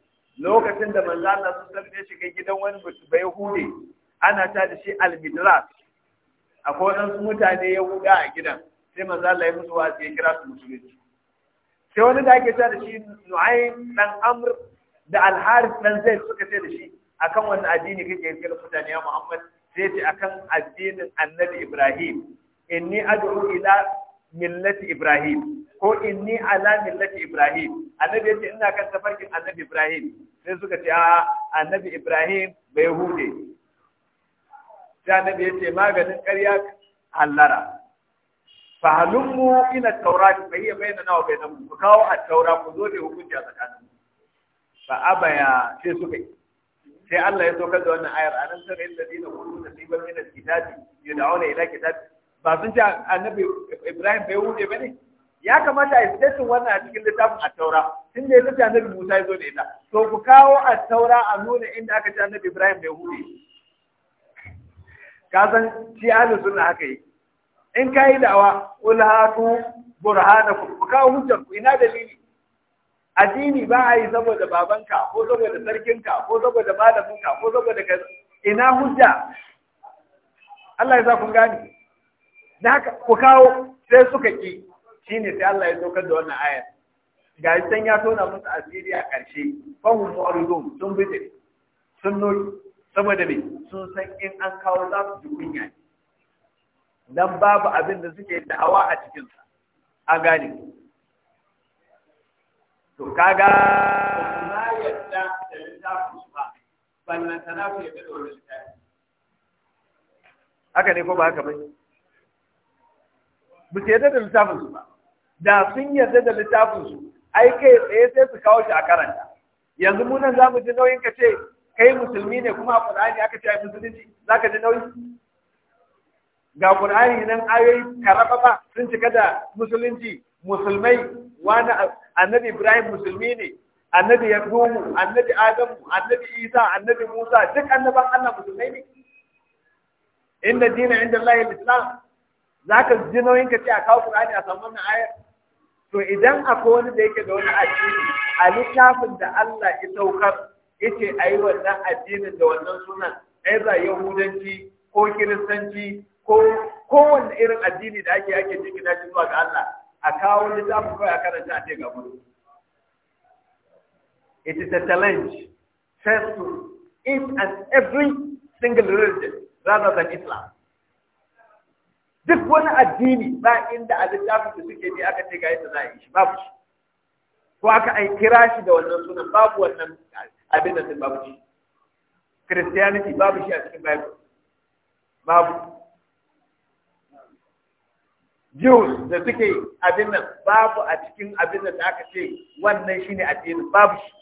lokacin da manzo Allah sun tafi shiga gidan wani bai hude ana ta da shi almidras akwai wadansu mutane ya huda a gidan sai manzo Allah ya musu wasu ya kira su musulunci sai wani da ake ta da shi Nu'aym dan Amr da Al-Harith dan zai suka ce da shi akan wani addini kake kira mutane ya Muhammad sai ce akan addinin Annabi Ibrahim inni ad'u ila millati Ibrahim ko inni ala millati Ibrahim annabi yace ina kan tafarkin annabi Ibrahim sai suka ce a annabi Ibrahim bai hude sai annabi ya ce maganin ƙarya hallara fahalummu ila taurati fa hiya nawa bai bainakum ku kawo a taura ku zo da hukunci a tsakanin a abaya sai suka yi sai Allah ya saukar da wannan ayar anan sai alladina qulu da min al-kitabi yad'una ila kitabi ba sun ce annabi Ibrahim bai hude bane ya kamata a yi wannan a cikin littafin a taura tun da ya tafi annabi musa ya zo da ita to ku kawo a taura a nuna inda aka ci annabi ibrahim bai hudu ka san shi ahlus sunna haka yi in ka yi da'awa Haku, hatu burhanakum ku Ku kawo hujjar ku ina dalili addini ba a yi saboda babanka ko saboda sarkinka ko saboda malaminka ko saboda ka ina hujja Allah ya sa kun gani na haka ku kawo sai suka ki shine sai Allah ya saukar da wannan ayar ga san ya tona musu asiri a ƙarshe fahim mu'aridun sun bude, sun noki saboda me sun san in an kawo za su ji kunya dan babu abin da suke da'awa a cikin sa a gane to kaga na yadda da littafin su ba ballan sana ku yadda da wani littafi haka ne ko ba haka ba Bisa yadda da littafin su ba da sun yarda da littafin su ai kai tsaye sai su kawo shi a karanta yanzu mu nan zamu ji nauyin ka ce kai musulmi ne kuma Qur'ani aka ce ai musulunci zaka ji nauyi ga Qur'ani nan ayoyi karaba ba sun cika da musulunci musulmai wani annabi Ibrahim musulmi ne annabi Yakubu annabi Adamu annabi Isa annabi Musa duk annaban Allah musulmai ne inda dina inda Allah ya islam zaka ji nauyin ka ce a kawo Qur'ani a samu wannan ayar to idan akwai wani da yake da wani addini a littafin da Allah ya saukar yace ayi wannan addinin da wannan sunan ai yahudanci ko kiristanci ko kowanne irin addini da ake ake cikin shi zuwa ga Allah a kawo littafin kawai a karanta a ce ga mu it is a challenge first to each and every single religion rather than Islam duk wani addini ba inda a littafin da suke ne aka ce ga yadda za a yi shi babu shi ko aka ai kira shi da wannan sunan babu wannan abin da babu shi christianity babu shi a cikin bible babu Jews da suke abin nan babu a cikin abin da aka ce wannan shine addinin babu shi.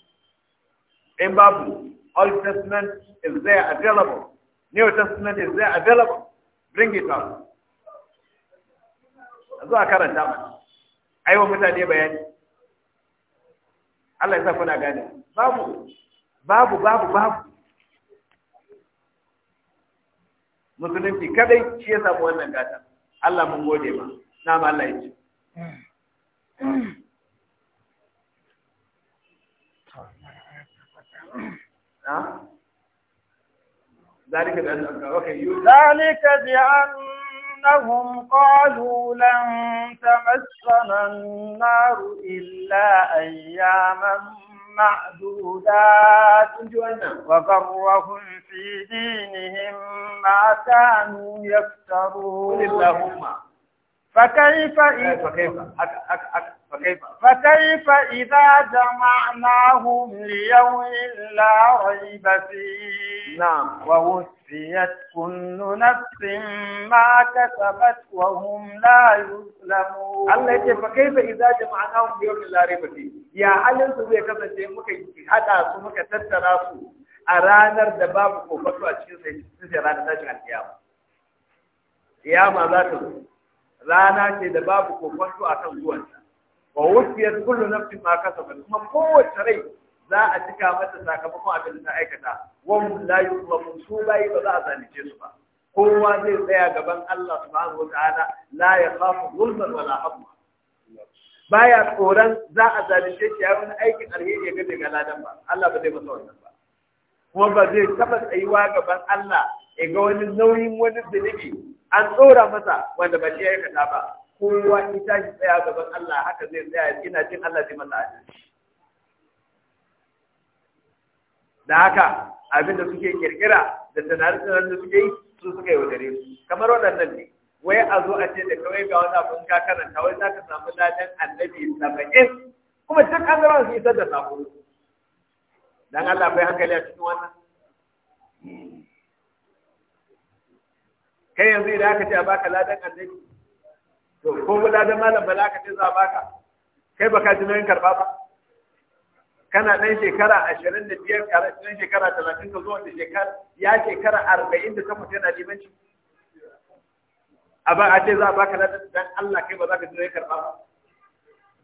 In babu, Old Testament is there available, New Testament is there available, bring it up. zuwa karanta mana aiwa mutane bayani Allah ya sa kuna gane babu babu babu babu musulunci kadai shi ya samu wannan gata Allah mun gode ma na ma Allah ya ce ذلك بأن أوكي ذلك بأن أنهم قالوا لن تمسنا النار إلا أياما معدودات وغرهم في دينهم ما كانوا يفترون فكيف إذا فكيف إذا جمعناهم ليوم لا ريب فيه نعم ووفيت كل نفس ما كسبت وهم لا يظلمون الله يقول فكيف إذا جمعناهم ليوم لا ريب فيه يا هل سوى كما سيمك هذا سمك تتراسو أرانر دباب كوفتو أشياء سيرانا تشغل القيامة قيامة ذاته rana ce da babu kokonto akan zuwanta wa wufiyat kullu nafsin ma kasabat kuma kowace rai za a cika mata sakamakon abin da ta aikata wa la yuzlamu su bai ba za a su ba kowa zai tsaya gaban Allah subhanahu wataala la yakhafu zulman wala hamma baya tsoron za a zalunce shi ya wani aikin alheri ya gaje ga ladan ba Allah ba zai masa wannan ba kuma ba zai taba tsayuwa gaban Allah ya ga wani nauyin wani zunubi an tsora masa wanda ba shi aikata ba kowa in tashi tsaya gaban Allah haka zai tsaya ina jin Allah zai mana ajin. da haka abin da suke kirkira da tunanin da suke yi su suka yi wadare su kamar waɗannan ne wai a zo a ce da kawai ga wani abin ka karanta wai za ka samu ladan annabi saba'in kuma duk an zama su isar da sako dan Allah bai hankali a cikin wannan kai yanzu idan aka ce a baka ladan annabi to ko da malam bala ka ce za baka kai baka ji nauyin karba ba kana ɗan shekara ashirin da biyar ɗan shekara talatin ka zuwa da shekara ya shekara arba'in da takwas yana limanci a ba a ce za a baka ladan dan Allah kai ba za ka ji nauyin karba ba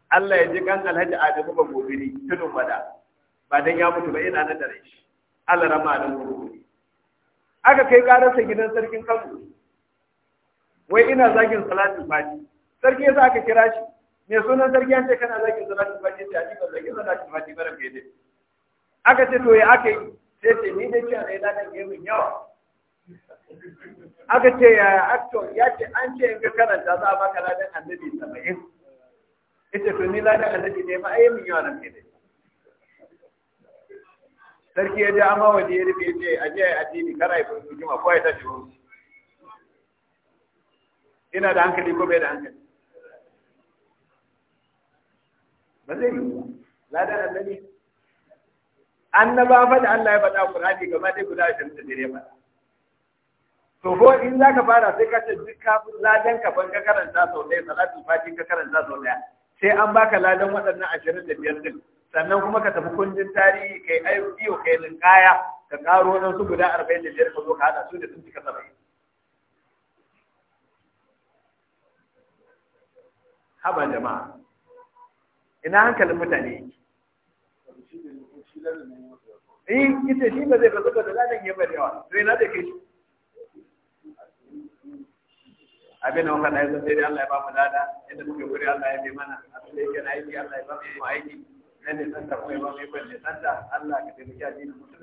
Allah ya ji kan alhaji Adamu ba gobiri tudun wada ba dan ya mutu ba ina nan da rai Allah rama da mu aka kai karar sa gidan sarkin Kanku. wai ina zagin salatin fadi sarki yasa aka kira shi me sunan sarki an ce kana zagin salatin fadi ta a ji ba zagin salatin fadi bara kai dai aka ce to ya aka yi sai ce ni dai a dai dadin gemin yawa aka ce ya actor ya ce an ce in ka karanta za a baka ladan annabi 70 ita to ni ladan annabi ne ma ai mun yawa nan kai dai sarki ya je amma waje ya rufe ya a je addini kara yi fi hikima ko ya tashi wuce ina da hankali ko bai da hankali ba zai yi ba ladan annabi annaba fa da Allah ya faɗa Qur'ani gama dai guda da dare ba. to ko in zaka fara sai ka ce duk ka ladan ka ban ka karanta sau ɗaya salatu fati ka karanta sau ɗaya sai an baka ladan waɗannan 25 din sannan kuma ka tafi kundin tarihi kai ayyuki kai linkaya ka karo nan su guda 45 ka zo ka hada su da sun cika 70 haba jama'a ina hankalin mutane eh ita shi ba zai ba saboda ladan ya bari yawa to ina da kai abin nan muka da yanzu sai Allah ya ba mu dada inda muke gure Allah ya bi mana abin da yake na aiki Allah ya ba mu aiki nan ne santa kuma ya ba mai yi santa Allah ka taimaki addinin mutum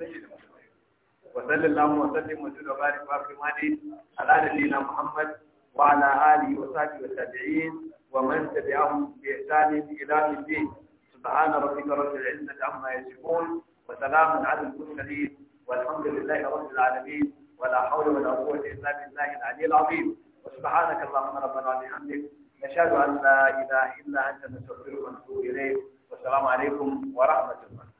da barik wa fi madin ala وبارك Muhammad, wa ala alihi wa sahbihi wa tabi'in ومن تبعهم بإحسان إلى الدين سبحان ربك رب العزة عما يصفون وسلام على المرسلين والحمد لله رب العالمين ولا حول ولا قوة إلا بالله العلي العظيم وسبحانك اللهم ربنا وبحمدك نشهد أن لا إله إلا أنت نستغفرك ونتوب إليك والسلام عليكم ورحمة الله